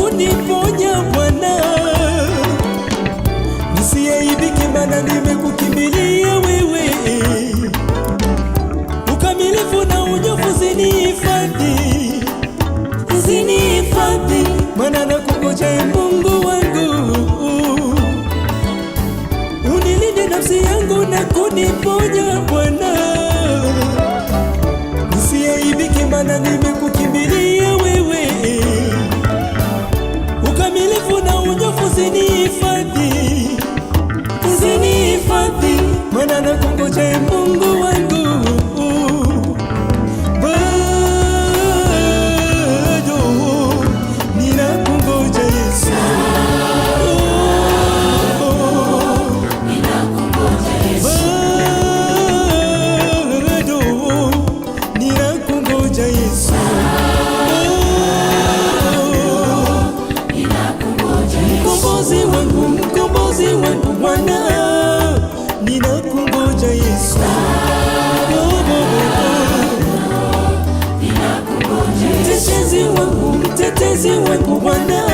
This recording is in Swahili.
kuniponya Bwana, nisiaibike, maana nimekukimbilia wewe. Ukamilifu na unyofu zinihifadhi, zinihifadhi, maana nakungoja ee Mungu wangu, unilinde nafsi yangu na kuniponya Bwana, nisiaibike, maana nime usinihifadhi, usinihifadhi, maana nakungojea Bwana, ninakungoja Yesu Mtetezi wangu, mtetezi wangu Bwana